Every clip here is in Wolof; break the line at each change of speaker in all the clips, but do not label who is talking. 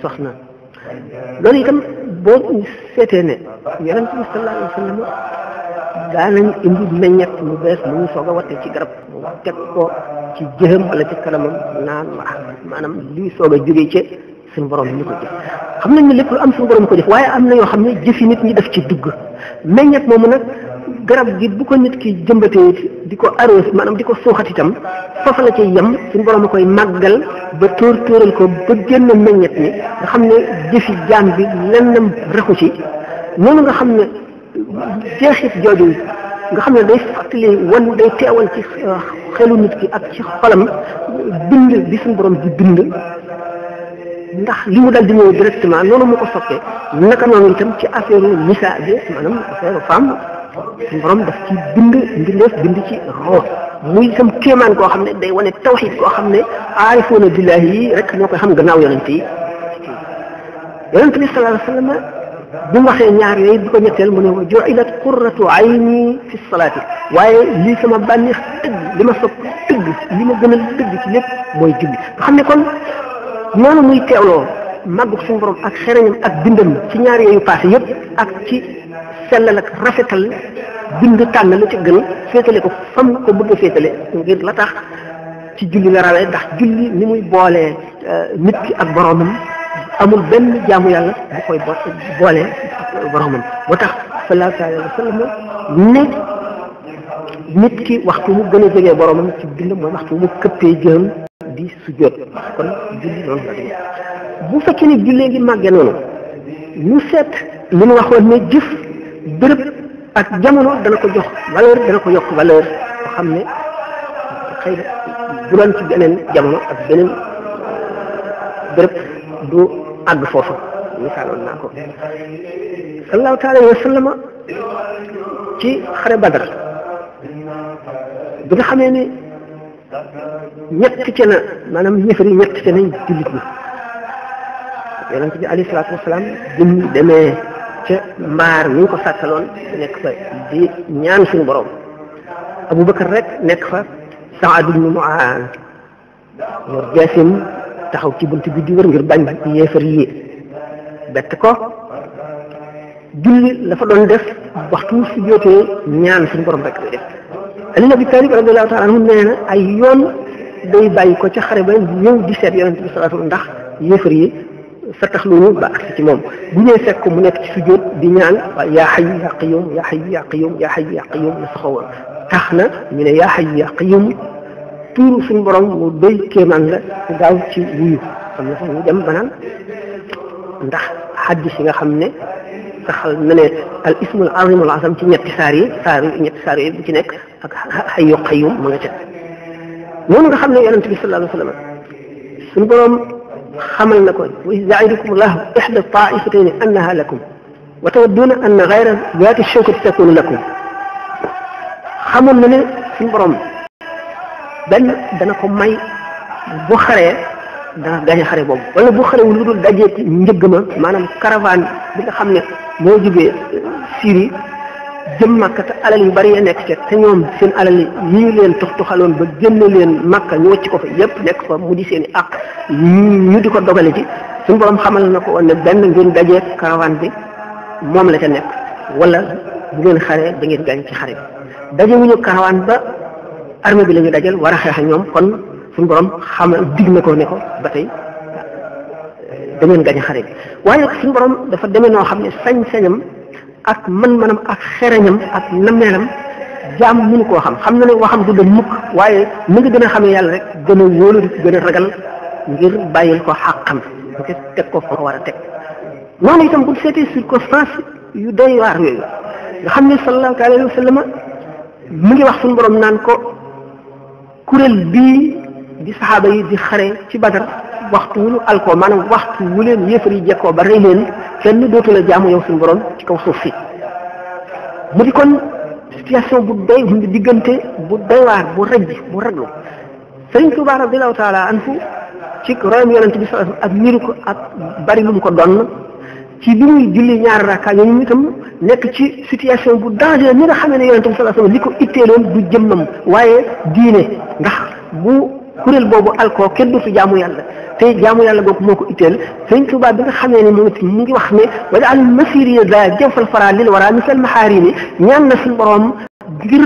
soxna loolu itam boo seetee ne yonent bi sallallahu alayhi wa sallam daanañ indi meññet mu bees mu ñu soog a watte ci garab mu teg ko ci jëxam wala ci kanamam naan waa maanaam lii soog a jógee ci suñu borom ñu ko jëf xam nañ ne lépp lu am suñu borom ko jëf waaye am na yoo xam ne jëfi nit ñi def ci dugg meññet moomu nag garab gi bu ko nit ki jëmbate di ko arrose manam diko soxati tam fofu la ci yam suñu borom a koy màggal ba tour tóoral ko ba génn meññet ni nga xamne defi jëfi bi lennam rexu ci noonu nga xamne jeexit jooju nga xamne day fatali won day teewal ci xelu nit ki ak ci xolam bind bi suñu borom di bind ndax li mu dal di ñëw directement nonu mu ko soppé naka nonu tam ci affaire nisa bi maanaam affaire femme suñu borom daf ci bind mbindeef ci roo muy itam kéemaan koo xam ne day wane tawxid koo xam ne aarifoona billaahi yi rek ñoo koy xam gannaaw yonent yi yonent bi sallallahu alayhi wa sallam bi mu waxee ñaar yooyu ko ñetteel mu ne wa ju'ilat qurratu fi salaati waaye lii sama bànneex li ma sopp dëgg li ma gënal dëgg ci lépp mooy julli xam ne kon noonu muy teewloo màggu ak xereñam ak bindam ci ñaar yooyu passé yëpp ak ci sellal ak rafetal bind tànn lu ci gën féetale ko fam ko bëgg a féetale ngir la tax ci julli la rawee ndax julli ni muy boole euh, nit ki ak boroomam amul benn jaamu yàlla bu koy boolee ak boroomam moo tax sallallahu alayhi wa nit ki waxtu mu gën a jege boroomam ci dund mooy waxtu mu këppee jëm di la demee bu fekkee jullee ngi màggee noonu ñu seet li ñu waxoon ne jëf béréb ak jamono dana ko jox valeur dana ko yokk valeur boo xam ne xëy ci beneen jamono ak beneen béréb du àgg foofu misaaloon naa ko sallallahu taala wa ci xare badar bi nga xamee ne ñett ci na maanaam ñëfar yi ñett ci nañ jullit ñi yonent bi alayhi demee ca mbaar ñu ko sàkkaloon nekk fa di ñaan suñu borom Abubakar rek nekk fa Saad ibnu Muaaz yor jaasim taxaw ci bunt bi di wër ngir bañ yéefar yi bett ko julli la fa doon def waxtu su jotee ñaan suñu borom rek lay def Ali ibn Abi Talib ay yoon day bàyyi ko ca xare ba ñëw di seet yonent bi salaatu ndax yéefar yi sataxlu ñu ba ak ci moom bu ñëw fekk mu nekk ci sujjóot di ñaan yaa xay yaa qiyum yaa xay yaa qiyum yaa xay yaa qiyum la saxawoon tax na ñu ne yaa xay yaa qiyum tuuru suñ borom mu doy kéemaan la ñu gaaw ci wuyu xam nga sax ñu dem banaan ndax xaddis yi nga xam ne saxal na ne al ismul azimul azam ci ñetti saar yi saar ñetti saar yi bu ci nekk ak xayu qayum ma nga ca noonu nga xam ne yonente bi sallallahu alayhi wa sallam suñ borom خمل نكون وإذ يعيدكم الله إحدى الطائفتين أنها لكم وتودون أن غير ذات الشوكة تكون لكم خمل من في برم بل دنكم ماي بخرة دنا دنا خرة بوم ولا بخرة ولدو دجيت نجمة ما نم كرفان بل خمل موجبة سيري jëm màkka te alal yu bari ya nekk ca te ñoom seen alal yi leen tux tuxaloon ba génne leen màkka ñu wacc ko fa yépp nekk fa mu di seen i àq ñu di ko dogale ji suñu borom xamal na ko woon ne benn ngeen dajee karawaan bi moom la ca nekk wala bu ngeen xaree da ngeen gaañ ci xare bi wuñu karawaan ba armée bi la ñu dajal war a xeex ak ñoom kon suñu borom xamal dig na ko ne ko ba tey da ngeen xare bi waaye suñu borom dafa demee noo xam ne sañ-sañam ak mën-mënam ak xereñam ak nameelam jaam mënu koo xam xam na ne waxam du dem mukk waaye mu ngi gën a xamee yàlla rek gën a wóolu di ragal ngir bàyyil ko xàqam ngir teg ko fa ko war a teg noonu itam bu seetee circonstance yu doy waar yooyu nga xam ne sallallahu alayhi wa sallam mu ngi wax suñu borom naan ko kuréel bii bi saxaaba yi di xare ci badar waxtu wu ñu alkoo maanaam waxtu wu leen yéefar yi jekkoo ba kenn dootu la jaamu yow suñu borom ci kaw suuf si mu di kon situation bu doy mu diggante bu doy waar bu rëj bu raglu sëriñ Tuubaa radiyallaahu taala anhu ci royam yonent bi sallallahu ak miiru ko ak bari lu mu ko donn ci bi muy julli ñaari rakka ñooñu itam nekk ci situation bu danger ni nga xamee ne yonent bi sallallahu alayhi ko itteeloon du jëmmam waaye diine ndax bu kurel bobu alko kenn du fi jamu yàlla te jamu yàlla googu moko itel itteel sëñ Tuuba bi nga xamee ne moom it mu ngi wax ne wala al masir ya da jafal fara lil wara misal maharimi ni ñaan na sun borom ngir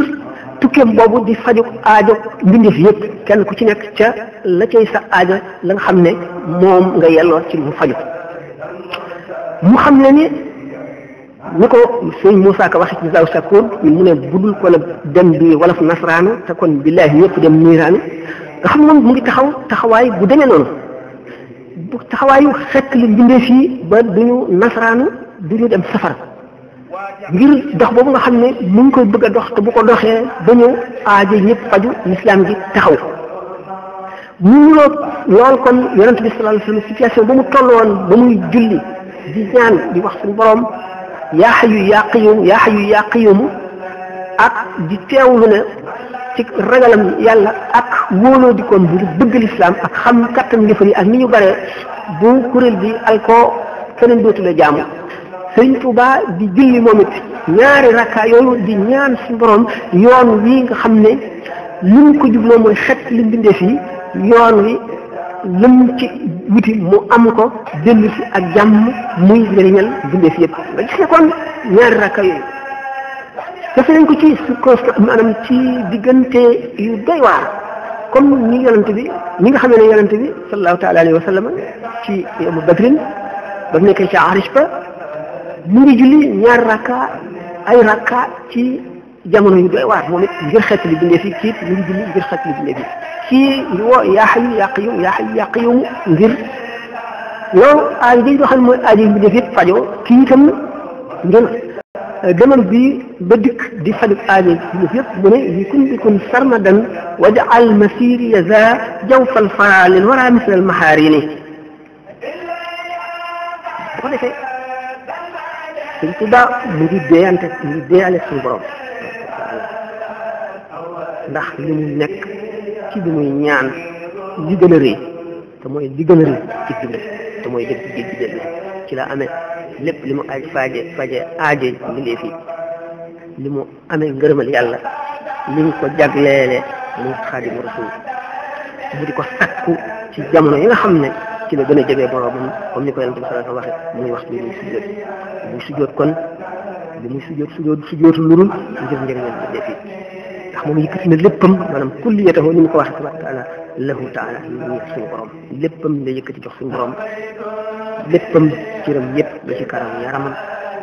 tukem bobu di faju aajo mbindeef yëpp kenn ku ci nekk ca la cey sa aajo la nga xamné mom nga yello ci mu faju mu xam ni niko seigne Moussa Ka waxee ci Zaw Sakour mu ne budul ko la dem bi wolof nasraanu ta kon billahi yep dem niiraanu nga xam moom mu ngi taxaw taxawaay bu demee noonu bu taxawaayu xekk li bindee fii ba duñu nasaraanu duñu dem safar ngir dox boobu nga xam ne mu ngi koy bëgg a dox te bu ko doxee ba ñëw aajo ñëpp faju lislaam ji taxaw mu nuroo lool kon yonent bi sallallahu alayhi ba mu toll woon ba muy julli di ñaan di wax suñu borom yaa hayyu yaa qayyum yaa hayyu yaa qayyum ak di teewlu ne ci ragalam yàlla ak wóoloo dikoom bi bëgg lislaam ak xam kattan njëfër yi ak ni ñu bare bu kuréel bi alko keneen dootule la jaamu sëriñ Tuuba di julli moom ñaari rakka yooyu di ñaan si borom yoon wi nga xam ne lim ko jubloo mooy xet li bindee fii yoon wi lim ci wuti mu am ko dellu ak jàmm muy njëriñal bindee fi yëpp nga gis kon ñaari rakka yooyu def nañ ko ci circonstance maanaam ci diggante yu doy waar comme ni yonent bi ñi nga xamee ne yonent bi sallallahu taala alayhi wa sallam ci yawmu badrin ba mu nekkee ci arish ba mu ngi julli ñaar rakka ay rakka ci jamono yu doy waar moom it ngir xett li bindee fi kii mu ngi julli fi kii yu woo yaa xayu yaa qayyum yaa ngir loolu aajo jooju nga xam ne mooy aajo yu fi fajoo kii itam ngeen جمل بي بدك دي حد آلي يفيق بني يكون بكم سرمدا وجعل مسير يزا جوف الفعال الورى مثل المحارين ولا شيء سلت دا مدي دي أنت مدي دي على السنبرام ndax li muy nekk ci bi muy ñaan li gën a rëy te mooy li gën a lépp li mu aj faaje faje aaje mbindee fi mu amee ngërëmal yàlla li mu ko jagleele mu xaadimu rasul mu di ko sakku ci jamono yi nga xam ne ci la gën a jege boroomam comme ni ko yonent bi sallallahu alayhi waxe muy wax bi muy sujjoot kon li muy sujjoot sujjoot sujjootu lurul ngir njëriñal mbindee fi ndax moom yëkkati na léppam maanaam kulliyatahu ni mu ko waxe tabaaraka taala lahu taala ñu suñu borom léppam la yëkkati jox suñu borom léppam cëram yépp ba ci karam yaramam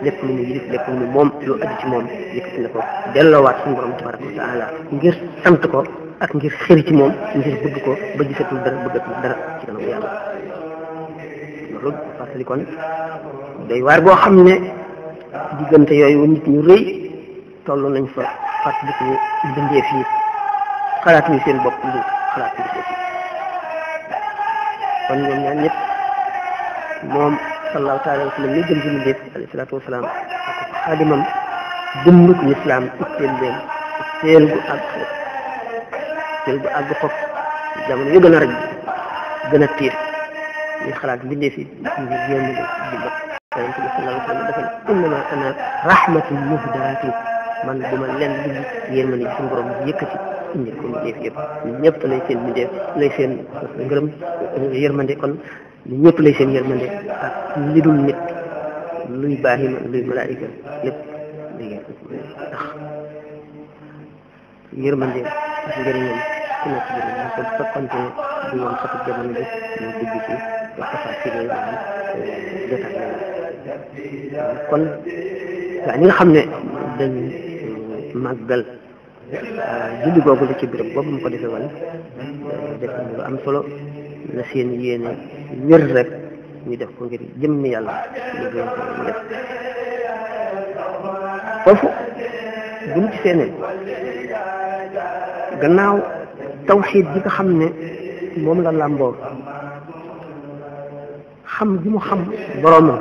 lépp lu mu yilif lépp lu mu moom lu aju ci moom yëkkati na ko delloowaat suñu borom tabaraka wa ngir sant ko ak ngir xëri ci moom ngir bëgg ko ba gisatul dara bëggatul dara ci kanam yàlla loolu fàttali day waar boo xam ne diggante yooyu nit ñu rëy toll nañ fa fàttali ko bindee fii xalaat ñu seen bopp lu xalaat ñu seen kon ñoom ñaan ñëpp moom sallallahu taala wa sallam ñu gën ci mu def alayhi salaatu wasalaam ak xaadimam dund ko lislaam itteel leen itteel gu àgg xob itteel gu àgg xob jamono yu gën a raj gën a tiir ñu xalaat mbindee fi ngir yéen di di ba yonente bi sallallahu alayhi wa sallam dafa ne innama ana rahmatun muhdaati man duma lenn lu yërmande suñu borom yëkkati indi ko mbindeef yëpp ñëpp lay seen mbindeef lay seen ngërëm yërmande kon ñëpp lay seen yërmande ak li dul nit luy baaxi ma luy malaayika lépp léegi ndax yërmande ak njëriñam ku nekk njëriñ ñu ko soppante kon waaw ñi nga xam ne màggal julli googu la ci béréb boobu mu ko defee woon def lu am solo na seen yéene wér rek ñu def ko ngir jëmmi yàlla liggéey ko ñu def foofu bu ñu gisee ne gannaaw tawxiid bi nga xam ne moom la làmboo xam bi mu xam boroomam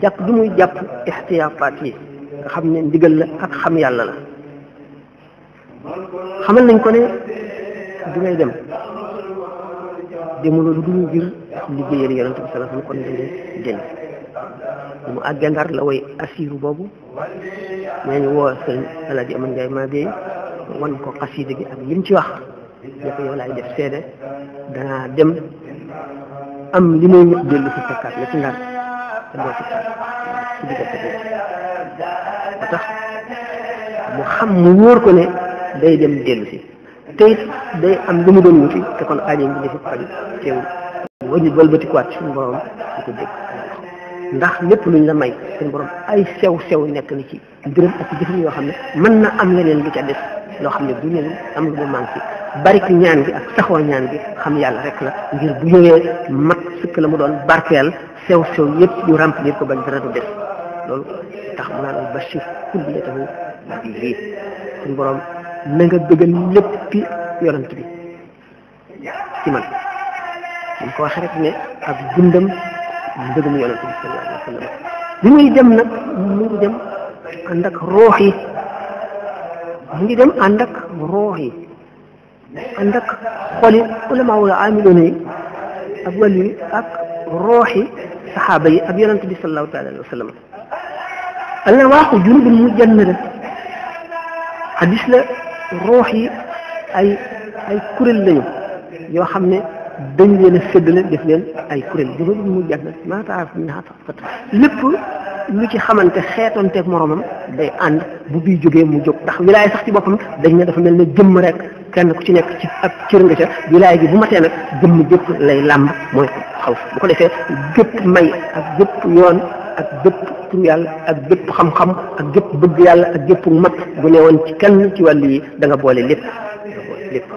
jàpp bi muy jàpp ixtiyaafaat yi nga xam ne ndigal la ak xam yàlla la xamal nañ ko ne bi dem demuloo lu dul ngir liggéeyal yonent bi sallallahu kon da boobu maa bey wan ko xasiida gi ci wax ne ko dem am li may dellu si fekkaat la ci ndar ëllëg mu xam mu wóor ko ne day dem dellu si te day am lu mu doon wuti te kon aajo ngi defi faju teewul wañu wëlbatikuwaat suñu borom di ndax lépp luñ la may suñu borom ay sew sew nekk na ci mbiram ak jëfin yoo xam ne mën na am leneen lu ca def loo xam ne bu ñëwee am lu mu manqué barik ñaan gi ak saxoo ñaan gi xam yàlla rek la ngir bu ñëwee mat sëkk la mu doon barkeel sew sew yëpp ñu remplir ko bañ dara du def loolu tax mu naan al bashir kulliyatahu bi lii suñ borom na nga bëggal léppi yonent bi man ko waxee rek ne ak dundam mbëggum yonent bi sallallahu alayhi wa dem nag mu ngi dem ànd ak roox yi ngi dem ànd ak roox yi ànd xoli ulama wala amiloon yi ak wàllu ak roox yi الصحابة أبي النبي صلى الله عليه وسلم أنا واحد جنب المجنرة حديث له روحي أي أي كل اللي يو خمني دنيا السدلة دفلين أي كل جنب المجنرة ما تعرف من هذا فترة لب لو كي خمن تخيط أنت مرمم ده أن بدي جوجي مجوك تخ ولا يسخت بفهم دنيا دفلين الجمرك kenn ku ci nekk ci ab cër nga ca wilaay bu matee nag jëmm jëpp lay làmb mooy xaw bu ko defee gépp may ak gépp yoon ak gépp tur yàlla ak gépp xam-xam ak gépp bëgg yàlla ak gépp mat bu ne ci kenn ci wàll yi danga boole lépp lépp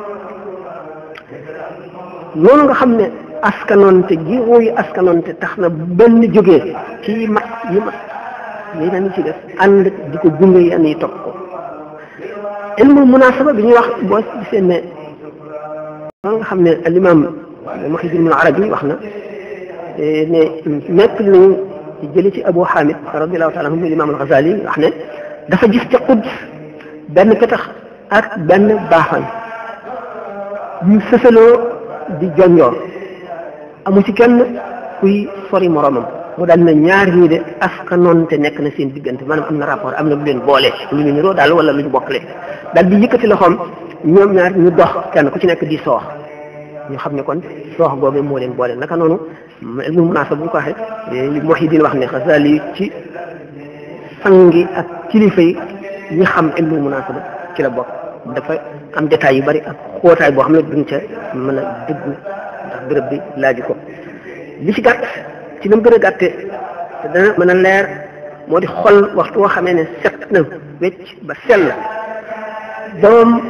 nga xam ne askanonte gi wooyu askanonte tax na benn jógee ci mat yi mat yeneen ci def ànd di ko gunge yenn yi topp ko علم المناسبة بني واحد بس بس إن ما نحن الإمام المخيز من العربي وإحنا نأكل من جلتي أبو حامد رضي الله تعالى عنه الإمام الغزالي وإحنا دفع جفت قدس بأن كتخ أك بأن باحن يسسلو دي جانيور أمو تكن كوي فري مرامم mu daal na ñaar ñii de askanoonte nekk na seen diggante man a am na rapport am na lu leen boole lu ñu niroo daal wala lu ñu bokkale daal bi yëkkati loxoom ñoom ñaar ñu dox kenn ku ci nekk di soox ñu xam ne kon soox googu moo leen boole naka noonu ilmu munaasab bu ñu ko waxee eh, Muhyiddin wax ne Xasaali ci sangi ak kilifa yi ñi xam ilmu munaasaba ci la bokk dafa am détails yu bari ak xóotaay boo xam ne duñ ca mën a dugg ndax béréb bi laaju ko ci nam gën a gàtte te a leer moo di xol waxtu woo xamee ne set na wecc ba sell doom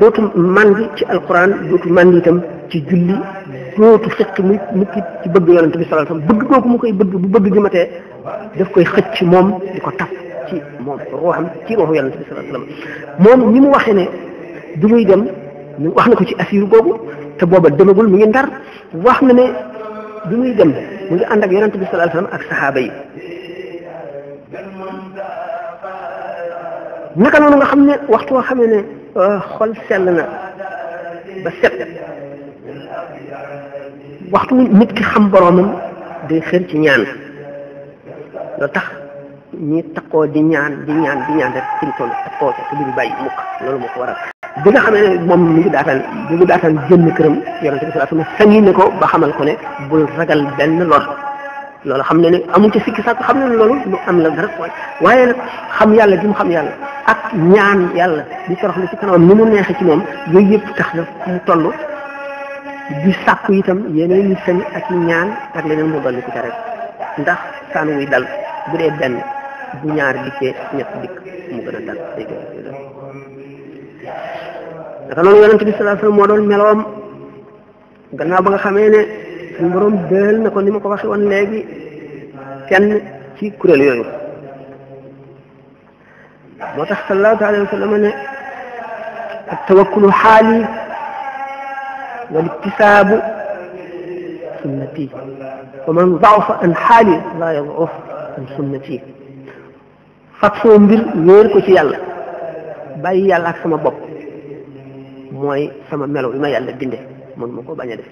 dootu màndi ci alquran dootu màndi itam ci julli dootu fekk mu mukki ci bëgg yonent bi sallallahu alayhi bëgg kooku mu koy bëgg bu bëgg gi matee daf koy xëcc moom di ko taf ci moom ruuxam ci ruuxu yonent bi sallallahu alayhi moom ni mu waxee ne du muy dem wax na ko ci asiir googu te booba demagul mu ngi ndar wax na ne du muy dem mu ngi ànd ak yonent bi sallallahu alayhi wasallam ak saxaaba yi naka noonu nga xam ne waxtu woo xamee ne xol sell na ba set waxtu nit ki xam boromam day xër ci ñaan loo tax ñi takkoo di ñaan di ñaan di ñaan rek ci toll takkoo te duñ bàyyi mukk loolu moo ko waral bi nga xamee ne moom mi ngi daataan mi ngi daataan génn këram yonente bi salaatu ne sañi ne ko ba xamal ko ne bul ragal benn lor loolu xam ne ne amul ci sikki sàkk xam ne ne loolu lu am la dara waaye xam yàlla gi mu xam yàlla ak ñaan yàlla di toroxlu ci kanamam ni mu neexee ci moom yooyu yëpp tax na mu toll di sàkku itam yeneen i sañ ak i ñaan ak leneen mu dolli ci ca rek ndax saan wuy dal bu dee benn bu ñaar dikkee ñett dikk mu gën a dal naka noonu yonent bi sallallahu alayhi wasallam moo doon meloom gannaaw ba nga xamee ne suñu borom dël na ko ni ma ko waxe woon léegi kenn ci kuréel yooyu moo tax sallallahu alayhi wasallam ne التوكل حالي والاكتساب سنتي ومن ضعف عن حالي لا يضعف عن سنتي فاتسو مبير وير كو سي يالا باي يالا اك سما بوب mooy sama melo bi ma yàlla binde mën ma ko bañ a def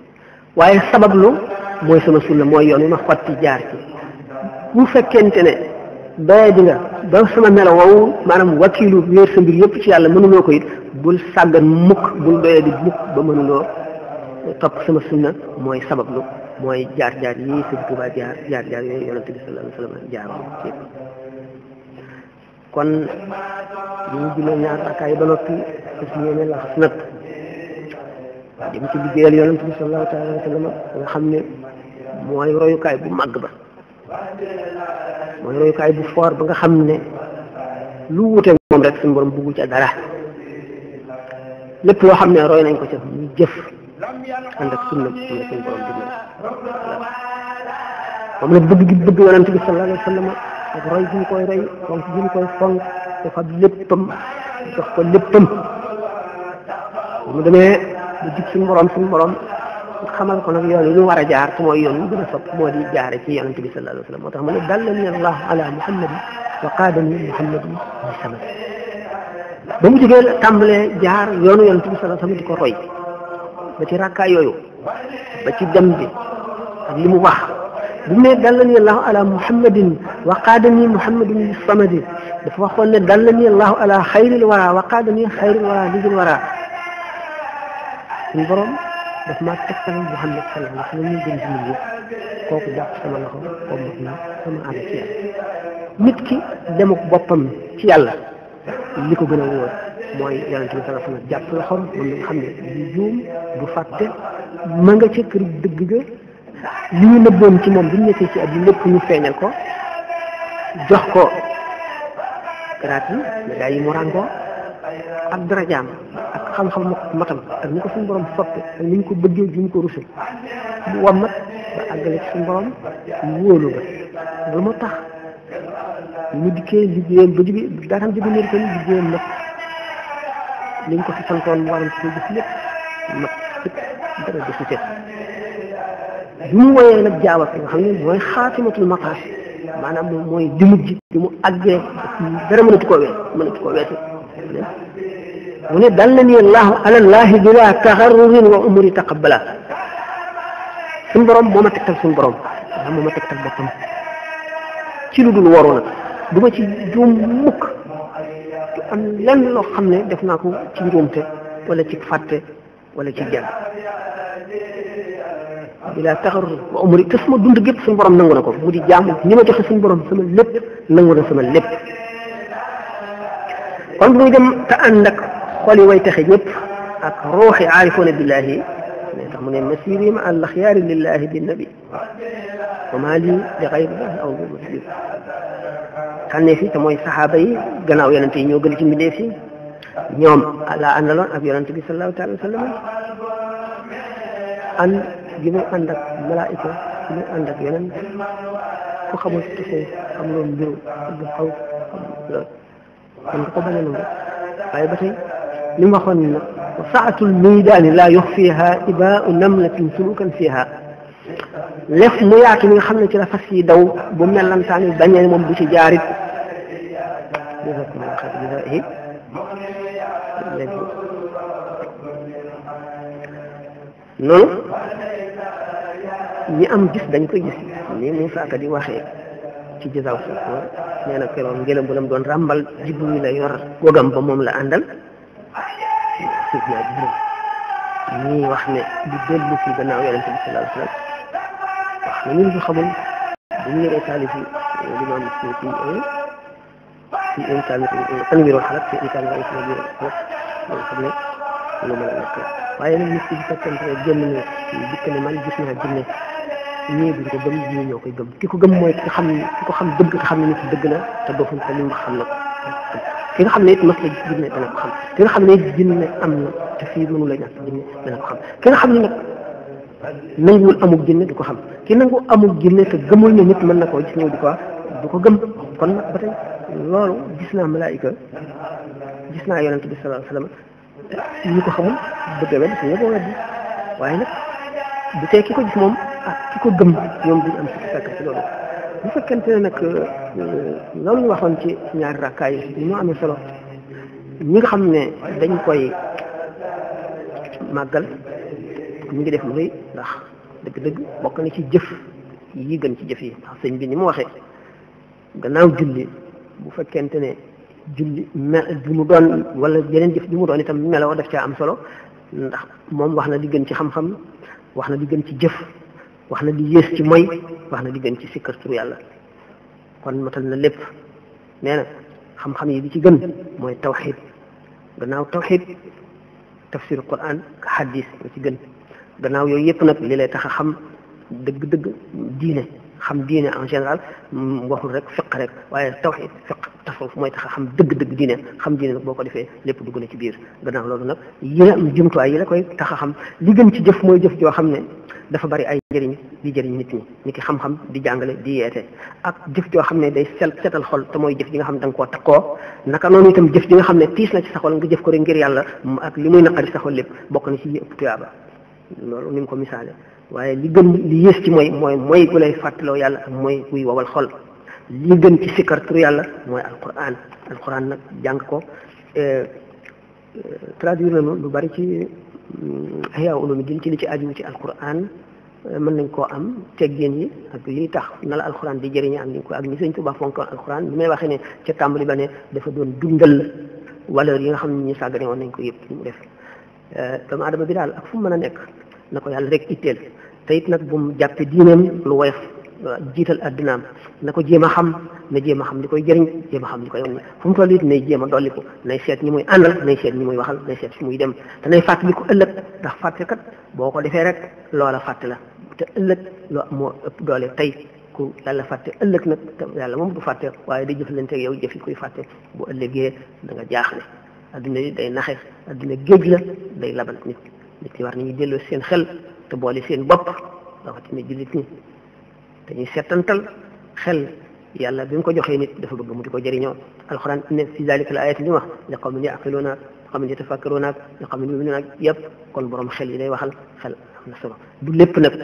waaye sabablu mooy sama sunna mooy yoon wi ma xotti jaar ci bu fekkente ne doye di nga ba sama melo wow maanaam wakiilu wéer sa mbir yëpp ci yàlla mënuloo ko bul sàggan mukk bul doye di mukk ba mënuloo topp sama sunna mooy sabablu mooy jaar jaar yi sëñ Tuubaa jaar jaar jaar yooyu yonent bi sallallahu alayhi wa sallam jaaroon ci kon ñu jullee ñaar rakkaay ba noppi su ñëwee laxas nag waa jëm ci liggéeyal yonent bi sallallahu taala wa sallam nga xam ne mooy royukaay bu màgg ba mooy royukaay bu foor ba nga xam ne lu wuteeg moom rek suñu borom bugg ca dara lépp loo xam ne roy nañ ko ca muy jëf ànd ak sunna am na suñu borom digal moom la bëgg gi bëgg yonent bi sallallahu alayhi wa sallam ak roy gi ñu koy roy fonk gi ñu koy fonk dafa léppam jox ko léppam mu demee lu jub suñu borom suñu borom xamal ko nag yoon yi ñu war a jaar te mooy yoon yu gën a sopp moo di jaare ci moo tax ma ne dallani allah ala muhammadin wa qaadani muhammadin wa samad ba mu jaar yoonu yonente bi sallallahu wa sallam di ko ci rakka yooyu ba ci dem bi li mu wax bu ne dallani allahu ala muhammadin wa qaadani wa samad dafa waxoon ne dallani allahu ala xayril wara wa qaadani xayril wara ligil wara suñu boroom daf maa tegtalal Muhammad sallallahu alayhi wa sallam nit ñëpp kooku jàpp sama loxo nit ki demuk boppam ci yàlla li ko gën a wóor mooy yonente bi sallallahu alayhi wa sallam jàpp loxoom moom la xam ne du juum du fàtte ma nga ca kër dëgg ga li ñu nëbboon ci moom bi ñu nekkee ci at yi lépp ñu feeñal ko jox ko garaat yi médaille yi mu ràngoo ak darajaam xam-xam matam ak ni ko suñu borom soppe ak ni ñu ko bëggee ak ni ñu ko rusee bu wàmmat ba àggale ci suñu borom wóolu ba lu ma tax mu dikkee liggéeyam ba jóge daanam jóge néer ko ni liggéeyam nag li ñu ko fi santoon mu waram ci gis lépp mat sëpp dara desu ca bi mu woyee nag jaabat nga xam ne mooy xaatimatul maqaas maanaam mooy dimut ji bi mu àggee dara mënatu koo weet mënatu koo weete mu ne dallani allahu ala allahi bila taxarrurin wa umuri taqabbala suñ borom moo ma tegtal suñ borom ma tegtal boppam ci lu dul waru du ma ci juum mukk am lenn loo xam ne def naa ko ci njuumte wala ci fàtte wala ci jàng bila taxarur wa umuri te suma dund gépp borom nangu na mu di jaamu ni ma joxe suñ borom sama lépp nangu na sama lépp kon bu muy dem te ànd ak xoli way taxe ñëpp ak ruuxi aarifuna billahi ne tax mu ne masiri ma al axyaari lillahi bi nabi wa ma li li xayrillahi aw bi masir tànnee fi te mooy saxaaba yi gannaaw yonente yi ñoo gën ci mbindee fi ñoom laa àndaloon ak yonente bi salallahu taala wa sallam ànd gi muy ànd ak malaayika gi muy ànd ak yeneen ku xamul tusee xam loolu mbiru du xaw loolu kon ko bañ a nangu waaye ba tey li mu waxoon ne la saatul muydaani laa yuxfiihaa ibaau namlatin sulukan fiihaa lef mu yaatu li nga xam ne ci la fas yi daw bu mellantaani bañee moom bu ci jaarit noonu ñi am gis dañ ko gis ni Moussa Ka di waxee ci jësaw foofu nee na keroog ngelaw bu lam doon ràmbal Jibril la yor gogam ba moom la àndal كيف نعدلو ايه واحنا بالدل في البناوي على النبي صلى الله عليه واحنا مين في خبر دنيا ايتالي في الامام السيوطي ايه في امكان تنوير الحلق في امكان رئيس نبير الحلق من قبل ولما لا نكره waaye nag nit ki bu fekkee ne génn na dikk ne man gis naa jinne ñii gëm ñii gëm ki ko xam ko xam dëgg xam ne nit dëgg la te doful ko li xam na ki nga xam ne it mas la gis jinne dana ko xam ki nga xam ne it jinne am na te fii mënu la ñàkk jinne dana ko xam ki nga xam ne nag nanguwul amul jinne du ko xam ki nangu amul jinne te gëmul ne nit mën na koo gis ñëw di ko du ko gëm kon nag ba tey loolu gis naa malaayika gis naa yonente bi salaa sallam ñi ko xamul bëgg a wedd suñu ko weddi waaye nag bu tey ki ko gis moom ah ki ko gëm ñoom duñ am sikki sàkk ci loolu bu fekkente ne nag euh, loolu waxoon ci ñaari rakkaay yi amee solo ñi nga xam ne dañ koy màggal mu ngi def lu rëy ndax dëgg-dëgg bokk na ci jëf yi gën ci jëf yi ndax sëñ bi ni mu waxee gannaaw julli bu fekkente ne julli mel bi mu doon wala yeneen jëf bi mu doon itam meloo def caa am solo ndax moom wax na li gën ci xam-xam wax na li gën ci jëf wax na li ci mooy wax na li gën ci sikkar tur yàlla kon matal na lépp nee na xam-xam yi bi ci gën mooy tawxid gannaaw tawxid tafsir quran ka xadis la ci gën gannaaw yooyu yëpp nag li lay tax a xam dëgg-dëgg diine xam diine en général mm, waxul rek fiq rek waaye tawxid fiq tasawuf mooy tax a xam dëgg-dëgg diine xam diine nag boo ko defee lépp dugg na ci biir gannaaw loolu nag yi la am jumtuwaay yi la koy tax a xam li gën ci jëf mooy jëf joo xam ne dafa bari ay njëriñ di jëriñ nit ñi ni ki xam-xam di jàngale di yeete ak jëf joo xam ne day sel setal xol te mooy jëf ji nga xam ne da nga koo takkoo naka noonu itam jëf ji nga xam ne tiis na ci sa xol nga jëf ko rek ngir yàlla ak li muy naqari sa lépp bokk na ci yëpp tuyaaba loolu ni mu ko misaale waaye li gën li yées ci mooy mooy mooy ku lay fàttaloo yàlla ak mooy kuy wowal xol li gën ci sikkar tur yàlla mooy alquran alquran nag jàng ko euh, euh, traduire nañu lu bari ci Ihya mm, Ulumuddin ci li ci aju ci alquran euh, mën nañ koo am teggin yi ak lii tax na la alxuraan di jëriñe am nañ ko ak ni sëñ Tuubaa fonkoon alxuraan li may waxee ne ca tàmbali ba ne dafa doon dundal valeur yi nga xam ne ñu sàggane woon nañ ko yëpp li mu def doomu adama bi daal mën a nekk na ko yàlla rek itteel te it nag bu mu jàppe diineem lu woyof uh, jiital addinaam na ko jéem a xam na jéem a xam ni koy jëriñ jéem a xam li koy wàññi fu mu toll it nay jéem a dolliku nay seet ñi muy àndal nay seet ñi muy waxal nay seet fi muy dem te nay fàttali ko ëllëg ndax fàtte kat boo ko defee rek loola fàtte la te ëllëg loo moo ëpp doole tey ku yàlla fàtte ëllëg nag te yàlla moom du fàtte waaye day jëflante te yow jëf yi koy fàtte bu ëllëgee danga nga jaaxle adduna yi day naxe adduna géej la day labal nit nit ñi war nañu delloo seen xel te boole seen bopp rawatina jullit ñi dañuy settantal xel yàlla bi mu ko joxee nit dafa bëgg mu di ko jëriñoo alquran ne fi dalika la ayat li wax li qawmin yaqiluuna li qawmin yatafakkaruuna li qawmin yuminuuna yëpp kon borom xel yi day waxal xel am na solo du lépp nag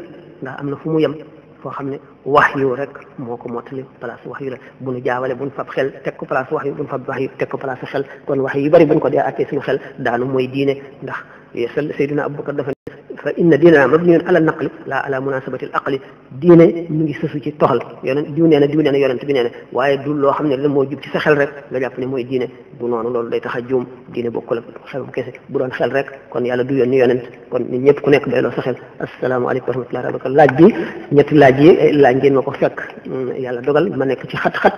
ndax am na fu mu yem foo xam ne wax yu rek moo ko mottali place wax yu rek bu nu jaawale buñ fab xel teg ko place wax yu buñ fab wax yu teg ko place xel kon wax yi bari buñ ko dee àttee suñu xel daanu mooy diine ndax yeesal Seydina Abubakar dafa فإن ديننا مبني على النقل لا على مناسبة العقل دين من يسوسي تهل يعني دون يعني دون يعني يعني تبين يعني واي دول الله حمد لله موجود تسخل رك لا يعرفني مو دين دون أن الله لا يتحجم دين بقول خلف كيس بران خل رك كن يلا دو يعني يعني كن نجيب كنك بلا سخل السلام عليكم ورحمة الله وبركاته لا دي نجت لا دي لا نجين ما كفك يلا دغل ما نكتي خط خط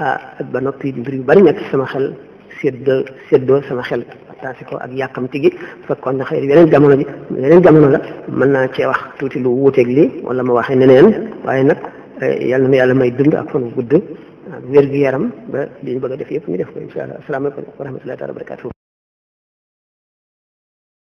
آه، ا بنوبي بري بري نكت سما خل سيد سيد سما خل saasi ko ak yàkkamti gi fekkoon na xëy na yeneen jamono ji yeneen la man naa cee wax tuuti lu wuuteeg lii wala ma waxee neneen waaye nag eh, yàlla na yàlla may dund ak fan gudd ak wér-gu-yaram ba li ñu bëgg a def yëpp ñu def ko incha allah asalaamaaleykum wa rahmatullahi taala wa